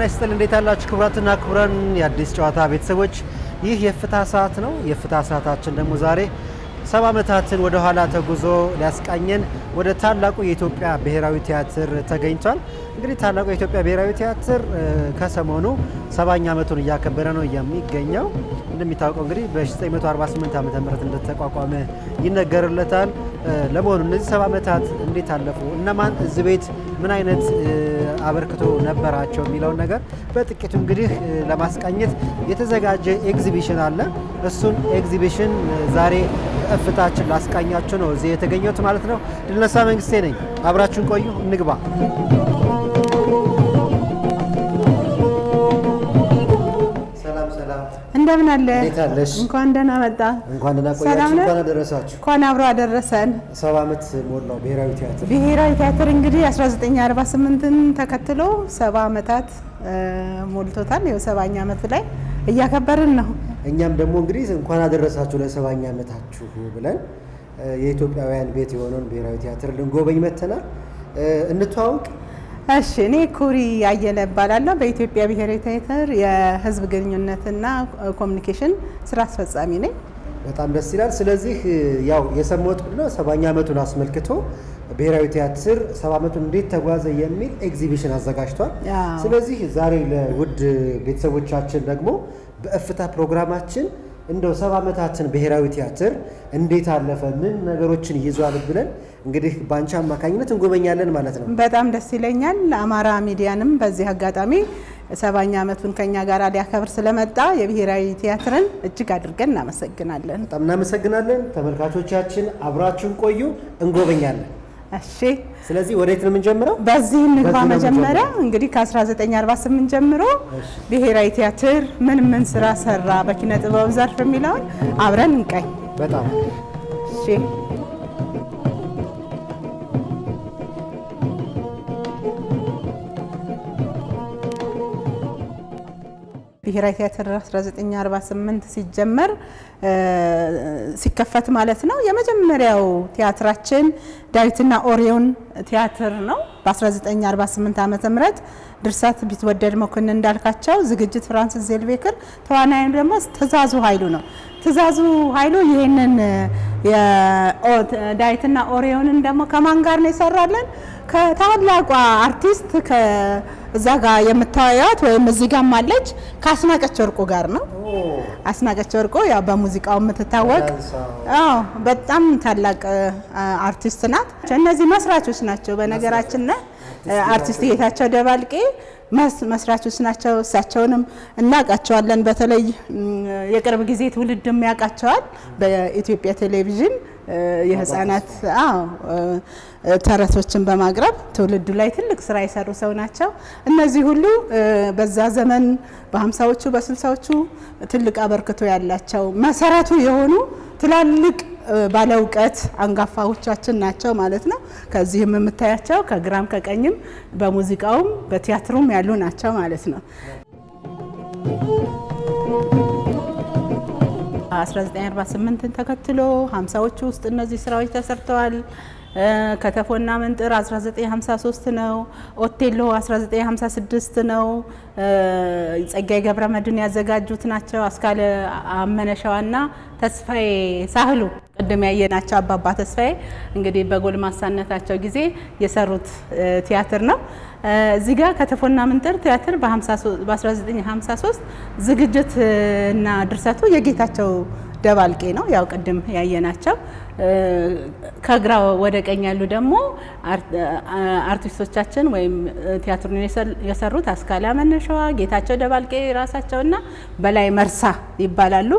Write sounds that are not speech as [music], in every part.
ጤና ይስጥል። እንዴት አላችሁ? ክቡራትና ክቡራን የአዲስ ጨዋታ ቤተሰቦች ይህ የፍታ ሰዓት ነው። የፍታ ሰዓታችን ደግሞ ዛሬ ሰባ ዓመታትን ወደ ኋላ ተጉዞ ሊያስቃኘን ወደ ታላቁ የኢትዮጵያ ብሔራዊ ቲያትር ተገኝቷል። እንግዲህ ታላቁ የኢትዮጵያ ብሔራዊ ቲያትር ከሰሞኑ ሰባኛ ዓመቱን እያከበረ ነው የሚገኘው። እንደሚታወቀው እንግዲህ በ1948 ዓ ም እንደተቋቋመ ይነገርለታል። ለመሆኑ እነዚህ ሰባ ዓመታት እንዴት አለፉ? እነማን እዚህ ቤት ምን አይነት አበርክቶ ነበራቸው የሚለውን ነገር በጥቂቱ እንግዲህ ለማስቃኘት የተዘጋጀ ኤግዚቢሽን አለ። እሱን ኤግዚቢሽን ዛሬ ከእፍታችን ላስቃኛችሁ ነው እዚህ የተገኘሁት ማለት ነው። ድልነሳ መንግስቴ ነኝ። አብራችሁን ቆዩ፣ እንግባ እንደምን አለ? እንኳን ደህና መጣ። እንኳን ደህና ቆያችሁ። እንኳን አደረሳችሁ። እንኳን አብሮ አደረሰን። ሰባ ዓመት ሞላው ብሔራዊ ቲያትር። ብሔራዊ ቲያትር እንግዲህ 1948ን ተከትሎ ሰባ አመታት ሞልቶታል። ይኸው ሰባኛ ዓመት ላይ እያከበርን ነው። እኛም ደግሞ እንግዲህ እንኳን አደረሳችሁ ለሰባኛ ዓመታችሁ ብለን የኢትዮጵያውያን ቤት የሆነውን ብሔራዊ ቲያትር ልንጎበኝ መተናል። እንተዋውቅ። እሺ፣ እኔ ኩሪ አየለ እባላለሁ። በኢትዮጵያ ብሔራዊ ቲያትር የህዝብ ግንኙነትና ኮሚኒኬሽን ስራ አስፈጻሚ ነኝ። በጣም ደስ ይላል። ስለዚህ ያው የሰማሁት ብሎ ሰባኛ ዓመቱን አስመልክቶ ብሔራዊ ቲያትር ሰባ ዓመቱን እንዴት ተጓዘ የሚል ኤግዚቢሽን አዘጋጅቷል። ስለዚህ ዛሬ ለውድ ቤተሰቦቻችን ደግሞ በእፍታ ፕሮግራማችን እንደው ሰባ ዓመታትን ብሔራዊ ቲያትር እንዴት አለፈ፣ ምን ነገሮችን ይዟል ብለን እንግዲህ በአንቺ አማካኝነት እንጎበኛለን ማለት ነው። በጣም ደስ ይለኛል። አማራ ሚዲያንም በዚህ አጋጣሚ ሰባኛ ዓመቱን ከኛ ጋር ሊያከብር ስለመጣ የብሔራዊ ቲያትርን እጅግ አድርገን እናመሰግናለን። በጣም እናመሰግናለን። ተመልካቾቻችን አብራችሁን ቆዩ፣ እንጎበኛለን። እሺ ስለዚህ ወዴት ነው የምንጀምረው? በዚህ እንግባ። መጀመሪያ እንግዲህ ከ1948 ጀምሮ ብሔራዊ ቲያትር ምን ምን ስራ ሰራ በኪነ ጥበብ ዘርፍ የሚለውን አብረን እንቀኝ። በጣም እሺ ብሔራዊ ቲያትር 1948 ሲጀመር ሲከፈት ማለት ነው። የመጀመሪያው ቲያትራችን ዳዊትና ኦሪዮን ቲያትር ነው። በ1948 ዓ ም ድርሰት ቢትወደድ መኮንን እንዳልካቸው፣ ዝግጅት ፍራንሲስ ዜልቤክር፣ ተዋናይም ደግሞ ትእዛዙ ኃይሉ ነው። ትእዛዙ ኃይሉ ይህንን ዳዊትና ኦሪዮንን ደግሞ ከማን ጋር ነው ይሰራለን? ከታላቋ አርቲስት እዛ ጋር የምታዩት ወይም እዚህ ጋር ማለች ከአስናቀች ወርቆ ጋር ነው። አስናቀች ወርቆ ያው በሙዚቃው የምትታወቅ አዎ፣ በጣም ታላቅ አርቲስት ናት። እነዚህ መስራቾች ናቸው። በነገራችን ላይ አርቲስት ጌታቸው ደባልቄ መስራቾች ናቸው። እሳቸውንም እናውቃቸዋለን። በተለይ የቅርብ ጊዜ ትውልድም ያውቃቸዋል በኢትዮጵያ ቴሌቪዥን የህፃናት ተረቶችን በማቅረብ ትውልዱ ላይ ትልቅ ስራ የሰሩ ሰው ናቸው። እነዚህ ሁሉ በዛ ዘመን በሀምሳዎቹ በስልሳዎቹ ትልቅ አበርክቶ ያላቸው መሰረቱ የሆኑ ትላልቅ ባለ እውቀት አንጋፋዎቻችን ናቸው ማለት ነው። ከዚህም የምታያቸው ከግራም ከቀኝም በሙዚቃውም በቲያትሩም ያሉ ናቸው ማለት ነው። 1948ን ተከትሎ 50ዎቹ ውስጥ እነዚህ ስራዎች ተሰርተዋል። ከተፎና መንጥር 1953 ነው። ኦቴሎ 1956 ነው። ጸጋዬ ገብረ መድን ያዘጋጁት ናቸው። አስካለ ና ተስፋዬ ሳህሉ ቅድም ያየናቸው አባባ ተስፋዬ እንግዲህ በጎልማሳነታቸው ጊዜ የሰሩት ቲያትር ነው። እዚህ ጋር ከተፎና ምንጥር ቲያትር በ1953 ዝግጅትና ድርሰቱ የጌታቸው ደባልቄ ነው። ያው ቅድም ያየናቸው ከግራ ወደ ቀኝ ያሉ ደግሞ አርቲስቶቻችን ወይም ቲያትሩን የሰሩት አስካላ መነሻዋ፣ ጌታቸው ደባልቄ እና በላይ መርሳ ይባላሉ።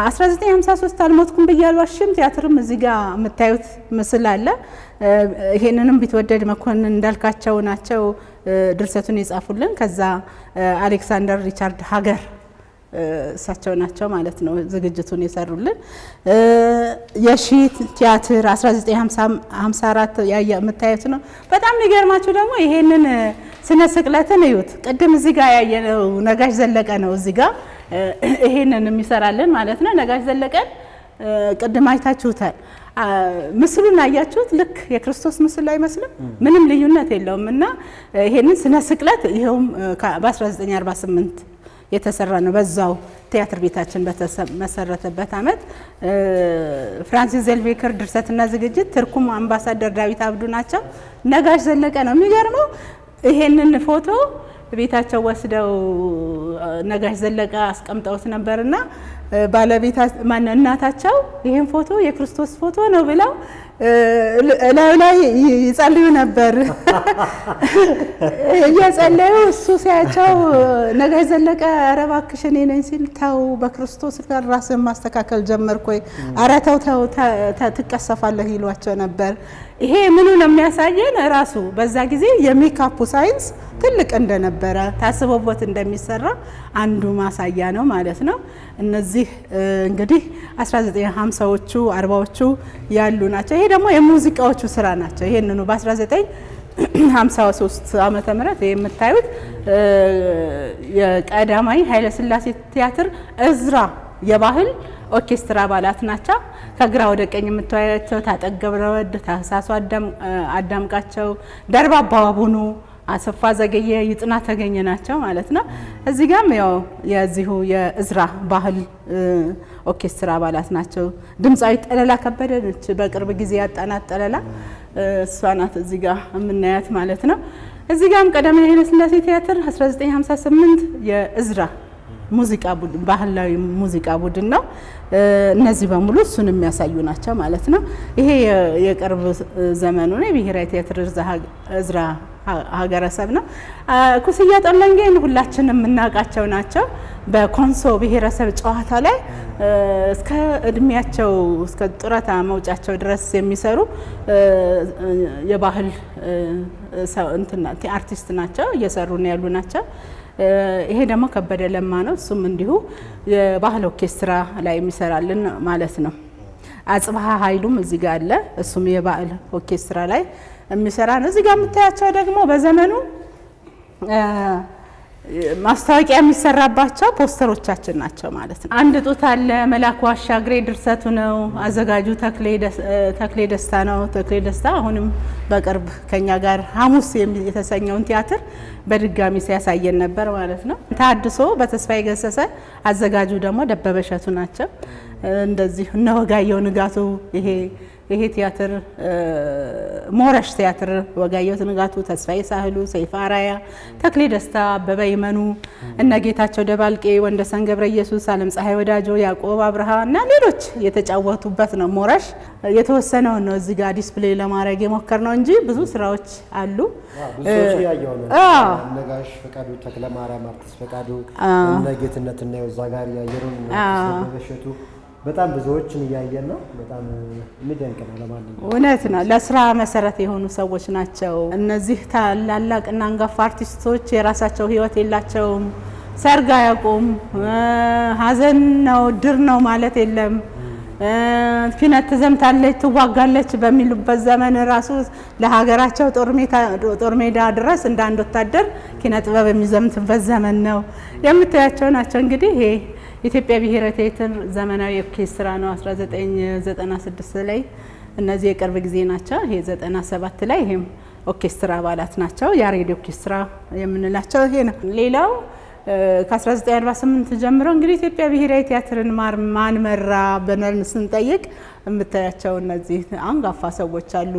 1953 አልሞትኩም ብያሏሽም ቲያትርም እዚህ ጋ የምታዩት ምስል አለ። ይሄንንም ቢትወደድ መኮንን እንዳልካቸው ናቸው ድርሰቱን የጻፉልን። ከዛ አሌክሳንደር ሪቻርድ ሀገር እሳቸው ናቸው ማለት ነው ዝግጅቱን የሰሩልን። የሺ ቲያትር 1954 የምታዩት ነው። በጣም የሚገርማችሁ ደግሞ ይሄንን ስነ ስቅለትን እዩት። ቅድም እዚህ ጋር ያየነው ነጋሽ ዘለቀ ነው። እዚህ ጋር ይሄንን የሚሰራልን ማለት ነው ነጋሽ ዘለቀን ቅድም አይታችሁታል። ምስሉን አያችሁት? ልክ የክርስቶስ ምስል አይመስልም? ምንም ልዩነት የለውም። እና ይሄንን ስነ ስቅለት ይኸውም በ1948 የተሰራ ነው። በዛው ቲያትር ቤታችን በተመሰረተበት አመት ፍራንሲስ ዘልቤከር ድርሰትና ዝግጅት ትርኩም አምባሳደር ዳዊት አብዱ ናቸው። ነጋሽ ዘለቀ ነው። የሚገርመው ይሄንን ፎቶ ቤታቸው ወስደው ነጋሽ ዘለቀ አስቀምጠውት ነበርና ባለቤታቸው ማነው እናታቸው ፎቶ የክርስቶስ ፎቶ ነው ብለው እላዩ ላይ ይጸልዩ ነበር። [laughs] እየጸለዩ እሱ ሲያቸው ነገ ዘለቀ ኧረ እባክሽ እኔ ነኝ ሲል ተው በክርስቶስ ጋር ራስን ማስተካከል ጀመርኩ ወይ ኧረ ተው ተው ትቀሰፋለህ ይሏቸው ነበር። ይሄ ምኑ ነው የሚያሳየን? ራሱ በዛ ጊዜ የሜካፑ ሳይንስ ትልቅ እንደነበረ ታስቦበት እንደሚሰራ አንዱ ማሳያ ነው ማለት ነው። እነዚህ እንግዲህ 1950ዎቹ 40ዎቹ ያሉ ናቸው። ይሄ ደግሞ የሙዚቃዎቹ ስራ ናቸው። ይሄንኑ በ1953 ዓመተ ምህረት የምታዩት የቀዳማዊ ኃይለስላሴ ቲያትር እዝራ የባህል ኦርኬስትራ አባላት ናቸው። ከግራ ወደ ቀኝ የምትወያያቸው ታጠገብ ወድ ታህሳሱ አዳምቃቸው፣ ደርባ አባባቡኑ አሰፋ ዘገየ፣ ይጥና ተገኘ ናቸው ማለት ነው። እዚህ ጋም ያው የዚሁ የእዝራ ባህል ኦርኬስትራ አባላት ናቸው። ድምፃዊ ጠለላ ከበደ ነች። በቅርብ ጊዜ ያጣናት ጠለላ እሷ ናት እዚህ የምናያት ማለት ነው። እዚህ ጋም ቀዳማዊ ኃይለሥላሴ ቲያትር 1958 የእዝራ ሙዚቃ ቡድን ባህላዊ ሙዚቃ ቡድን ነው። እነዚህ በሙሉ እሱን የሚያሳዩ ናቸው ማለት ነው። ይሄ የቅርብ ዘመኑ ነው። የብሔራዊ ቲያትር እዝራ ሀገረሰብ ነው። ኩስያ ጠለንጌን ሁላችን የምናውቃቸው ናቸው። በኮንሶ ብሔረሰብ ጨዋታ ላይ እስከ እድሜያቸው እስከ ጡረታ መውጫቸው ድረስ የሚሰሩ የባህል አርቲስት ናቸው። እየሰሩ ነው ያሉ ናቸው። ይሄ ደግሞ ከበደ ለማ ነው። እሱም እንዲሁ የባህል ኦርኬስትራ ላይ የሚሰራልን ማለት ነው። አጽባሀ ኃይሉም እዚህ ጋር አለ። እሱም የባህል ኦርኬስትራ ላይ የሚሰራ ነው። እዚህ ጋር የምታያቸው ደግሞ በዘመኑ ማስታወቂያ የሚሰራባቸው ፖስተሮቻችን ናቸው ማለት ነው። አንድ ጡት አለ መላኩ አሻግሬ ድርሰቱ ነው። አዘጋጁ ተክሌ ደስታ ነው። ተክሌ ደስታ አሁንም በቅርብ ከኛ ጋር ሐሙስ የተሰኘውን ቲያትር በድጋሚ ሲያሳየን ነበር ማለት ነው። ታድሶ በተስፋዬ ገሰሰ፣ አዘጋጁ ደግሞ ደበበ እሸቱ ናቸው። እንደዚሁ እነ ወጋየሁ ንጋቱ ይሄ ይሄ ቲያትር ሞረሽ ቲያትር ወጋየሁ ንጋቱ፣ ተስፋዬ ሳህሉ፣ ሰይፈ አራያ፣ ተክሌ ደስታ፣ አበበ ይመኑ፣ እነ ጌታቸው ደባልቄ፣ ወንደሰን ገብረ ኢየሱስ፣ አለም ፀሐይ ወዳጆ፣ ያዕቆብ አብርሃ እና ሌሎች የተጫወቱበት ነው። ሞረሽ የተወሰነውን ነው እዚህ ጋር ዲስፕሌይ ለማድረግ የሞከር ነው እንጂ ብዙ ስራዎች አሉ። ነጋሽ ፈቃዱ፣ ተክለማርያም፣ አርቲስት ፈቃዱ፣ እነ ጌትነት እና የወዛጋሪ አየሩን፣ እሸቱ በጣም ብዙዎችን እያየን ነው። በጣም የሚደንቅ ነው። ለማንኛውም እውነት ነው። ለስራ መሰረት የሆኑ ሰዎች ናቸው እነዚህ ታላላቅ እና አንጋፋ አርቲስቶች። የራሳቸው ህይወት የላቸውም። ሰርግ አያውቁም። ሀዘን ነው ድር ነው ማለት የለም። ፊነት ትዘምታለች፣ ትዋጋለች በሚሉበት ዘመን ራሱ ለሀገራቸው ጦር ሜዳ ድረስ እንደ አንድ ወታደር ኪነ ጥበብ የሚዘምትበት ዘመን ነው። የምታያቸው ናቸው እንግዲህ ኢትዮጵያ ብሔራዊ ቲያትር ዘመናዊ ኦርኬስትራ ነው 1996 ላይ እነዚህ የቅርብ ጊዜ ናቸው። ይሄ 97 ላይ ይሄም ኦርኬስትራ አባላት ናቸው። ያሬድ ኦርኬስትራ የምንላቸው ይሄ ነው። ሌላው ከ1948 ጀምሮ እንግዲህ ኢትዮጵያ ብሔራዊ ቲያትርን ማን መራ ብለን ስንጠይቅ የምታያቸው እነዚህ አንጋፋ ሰዎች አሉ።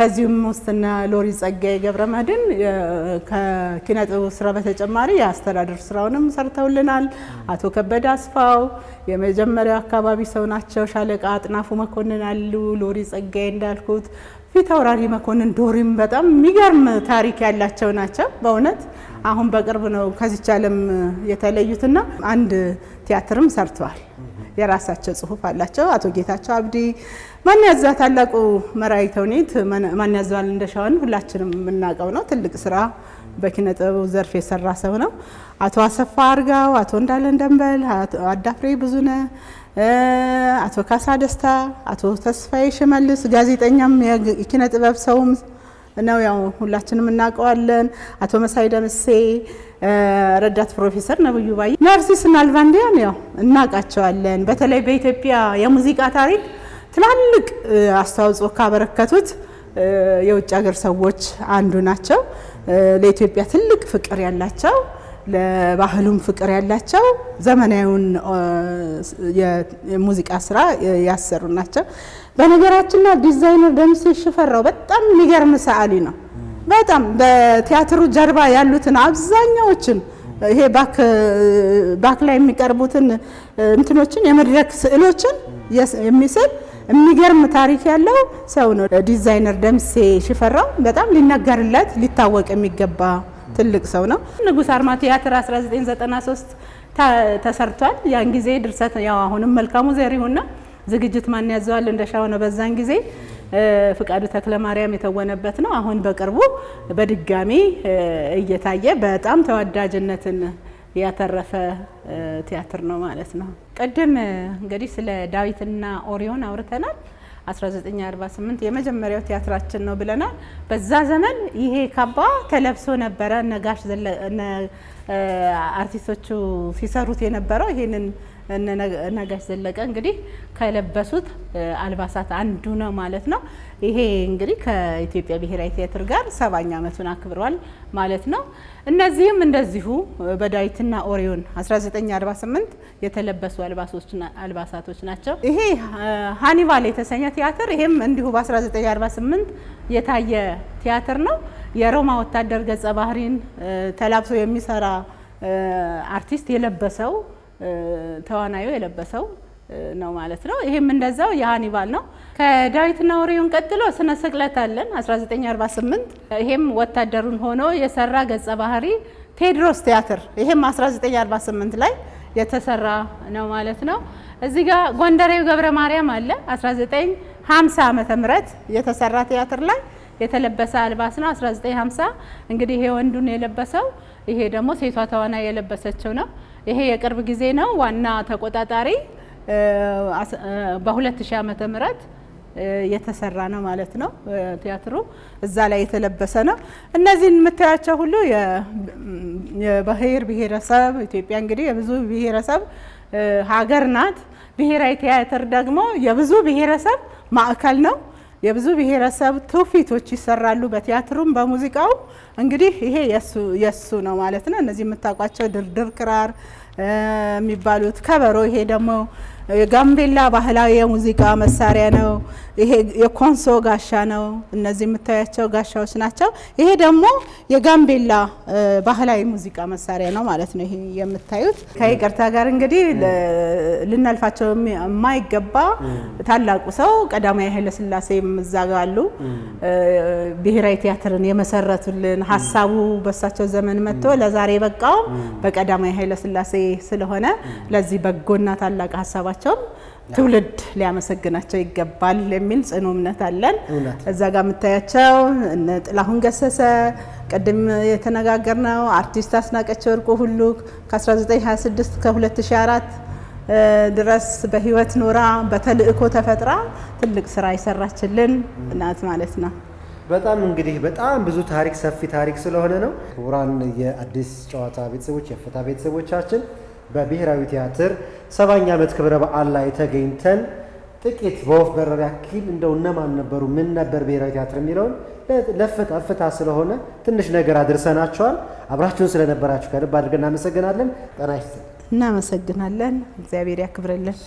ውስጥ ውስጥና ሎሪ ጸጋዬ ገብረ መድን ከኪነ ጥበብ ስራ በተጨማሪ የአስተዳደር ስራውንም ሰርተውልናል። አቶ ከበደ አስፋው የመጀመሪያው አካባቢ ሰው ናቸው። ሻለቃ አጥናፉ መኮንን አሉ። ሎሪ ጸጋዬ እንዳልኩት ፊት መኮንን ዶሪም በጣም የሚገርም ታሪክ ያላቸው ናቸው። በእውነት አሁን በቅርብ ነው ከዚች ዓለም የተለዩትና አንድ ቲያትርም ሰርተዋል። የራሳቸው ጽሁፍ አላቸው። አቶ ጌታቸው አብዲ ማን ያዛ ታላቁ መራዊ ተውኔት ማን ያዛዋል እንደሻውን ሁላችንም የምናውቀው ነው። ትልቅ ስራ በኪነ ጥበቡ ዘርፍ የሰራ ሰው ነው። አቶ አሰፋ አርጋው፣ አቶ እንዳለን ደንበል፣ አዳፍሬ ብዙነ፣ አቶ ካሳ ደስታ፣ አቶ ተስፋዬ ሽመልስ ጋዜጠኛም የኪነ ጥበብ ሰውም ነው። ያው ሁላችንም እናውቀዋለን። አቶ መሳይ ደምሴ፣ ረዳት ፕሮፌሰር ነብዩ ባይ ናርሲስ እና አልቫንዲያን ያው እናውቃቸዋለን። በተለይ በኢትዮጵያ የሙዚቃ ታሪክ ትላልቅ አስተዋጽኦ ካበረከቱት የውጭ ሀገር ሰዎች አንዱ ናቸው። ለኢትዮጵያ ትልቅ ፍቅር ያላቸው ለባህሉም ፍቅር ያላቸው ዘመናዊውን የሙዚቃ ስራ ያሰሩ ናቸው። በነገራችን ላይ ዲዛይነር ደምሴ ሽፈራው በጣም የሚገርም ሰዓሊ ነው። በጣም በቲያትሩ ጀርባ ያሉትን አብዛኛዎችን ይሄ ባክ ላይ የሚቀርቡትን እንትኖችን የመድረክ ስዕሎችን የሚስል የሚገርም ታሪክ ያለው ሰው ነው ዲዛይነር ደምሴ ሽፈራው። በጣም ሊነገርለት ሊታወቅ የሚገባ ትልቅ ሰው ነው። ንጉስ አርማ ቲያትር 1993 ተሰርቷል። ያን ጊዜ ድርሰት ያው አሁንም መልካሙ ዘሪሁንና ዝግጅት ማን ያዘዋል እንደሻው ነው። በዛን ጊዜ ፍቃዱ ተክለ ማርያም የተወነበት ነው። አሁን በቅርቡ በድጋሚ እየታየ በጣም ተወዳጅነትን ያተረፈ ቲያትር ነው ማለት ነው። ቅድም እንግዲህ ስለ ዳዊትና ኦሪዮን አውርተናል። 1948 የመጀመሪያው ቲያትራችን ነው ብለናል። በዛ ዘመን ይሄ ካባ ተለብሶ ነበረ። ነጋሽ አርቲስቶቹ ሲሰሩት የነበረው ይሄንን ነጋሽ ዘለቀ እንግዲህ ከለበሱት አልባሳት አንዱ ነው ማለት ነው። ይሄ እንግዲህ ከኢትዮጵያ ብሔራዊ ቲያትር ጋር ሰባኛ ዓመቱን አክብሯል ማለት ነው። እነዚህም እንደዚሁ በዳዊትና ኦሪዮን 1948 የተለበሱ አልባሳቶች ናቸው። ይሄ ሃኒባል የተሰኘ ቲያትር ይሄም እንዲሁ በ1948 የታየ ቲያትር ነው። የሮማ ወታደር ገጸ ባህሪን ተላብሶ የሚሰራ አርቲስት የለበሰው ተዋናዩ የለበሰው ነው ማለት ነው። ይሄም እንደዛው የሃኒባል ነው። ከዳዊትና ወሬውን ቀጥሎ ስነ ስቅለት አለን 1948 ይሄም ወታደሩን ሆኖ የሰራ ገጸ ባህሪ ቴዎድሮስ ቲያትር ይሄም 1948 ላይ የተሰራ ነው ማለት ነው። እዚህ ጋር ጎንደሬው ገብረ ማርያም አለ 1950 ዓ ም የተሰራ ቲያትር ላይ የተለበሰ አልባስ ነው 1950 እንግዲህ ይሄ ወንዱን የለበሰው ይሄ ደግሞ ሴቷ ተዋናይ የለበሰችው ነው። ይሄ የቅርብ ጊዜ ነው። ዋና ተቆጣጣሪ በ2000 ዓመተ ምህረት የተሰራ ነው ማለት ነው። ቲያትሩ እዛ ላይ የተለበሰ ነው። እነዚህን የምታያቸው ሁሉ የብሔር ብሔረሰብ ኢትዮጵያ እንግዲህ የብዙ ብሔረሰብ ሀገር ናት። ብሔራዊ ቲያትር ደግሞ የብዙ ብሔረሰብ ማዕከል ነው። የብዙ ብሔረሰብ ትውፊቶች ይሰራሉ በቲያትሩም በሙዚቃው። እንግዲህ ይሄ የሱ ነው ማለት ነው። እነዚህ የምታውቋቸው ድርድር ክራር የሚባሉት ከበሮ። ይሄ ደግሞ የጋምቤላ ባህላዊ የሙዚቃ መሳሪያ ነው። ይሄ የኮንሶ ጋሻ ነው። እነዚህ የምታያቸው ጋሻዎች ናቸው። ይሄ ደግሞ የጋምቤላ ባህላዊ ሙዚቃ መሳሪያ ነው ማለት ነው። ይሄ የምታዩት ከይቅርታ ጋር እንግዲህ ልናልፋቸው የማይገባ ታላቁ ሰው ቀዳማዊ ኃይለሥላሴ የምዛጋሉ ብሔራዊ ቲያትርን የመሰረቱልን ሀሳቡ በሳቸው ዘመን መጥቶ ለዛሬ በቃው በቀዳማዊ ኃይለሥላሴ ስለሆነ ለዚህ በጎና ታላቅ ሀሳባቸውም ትውልድ ሊያመሰግናቸው ይገባል የሚል ጽኑ እምነት አለን። እዛ ጋር የምታያቸው እነ ጥላሁን ገሰሰ ቅድም የተነጋገርነው አርቲስት አስናቀች ወርቁ ሁሉ ከ1926 ከ2004 ድረስ በህይወት ኖራ በተልእኮ ተፈጥራ ትልቅ ስራ ይሰራችልን እናት ማለት ነው። በጣም እንግዲህ በጣም ብዙ ታሪክ ሰፊ ታሪክ ስለሆነ ነው። ክቡራን የአዲስ ጨዋታ ቤተሰቦች፣ የፍታ ቤተሰቦቻችን በብሔራዊ ቲያትር ሰባኛ ዓመት ክብረ በዓል ላይ ተገኝተን ጥቂት በወፍ በረር ያክል እንደው እነማን ነበሩ፣ ምን ነበር ብሔራዊ ቲያትር የሚለውን ለፍታ ፍታ ስለሆነ ትንሽ ነገር አድርሰናቸዋል። አብራችሁን ስለነበራችሁ ከልብ አድርገን እናመሰግናለን። ጠና እናመሰግናለን። እግዚአብሔር ያክብረልን።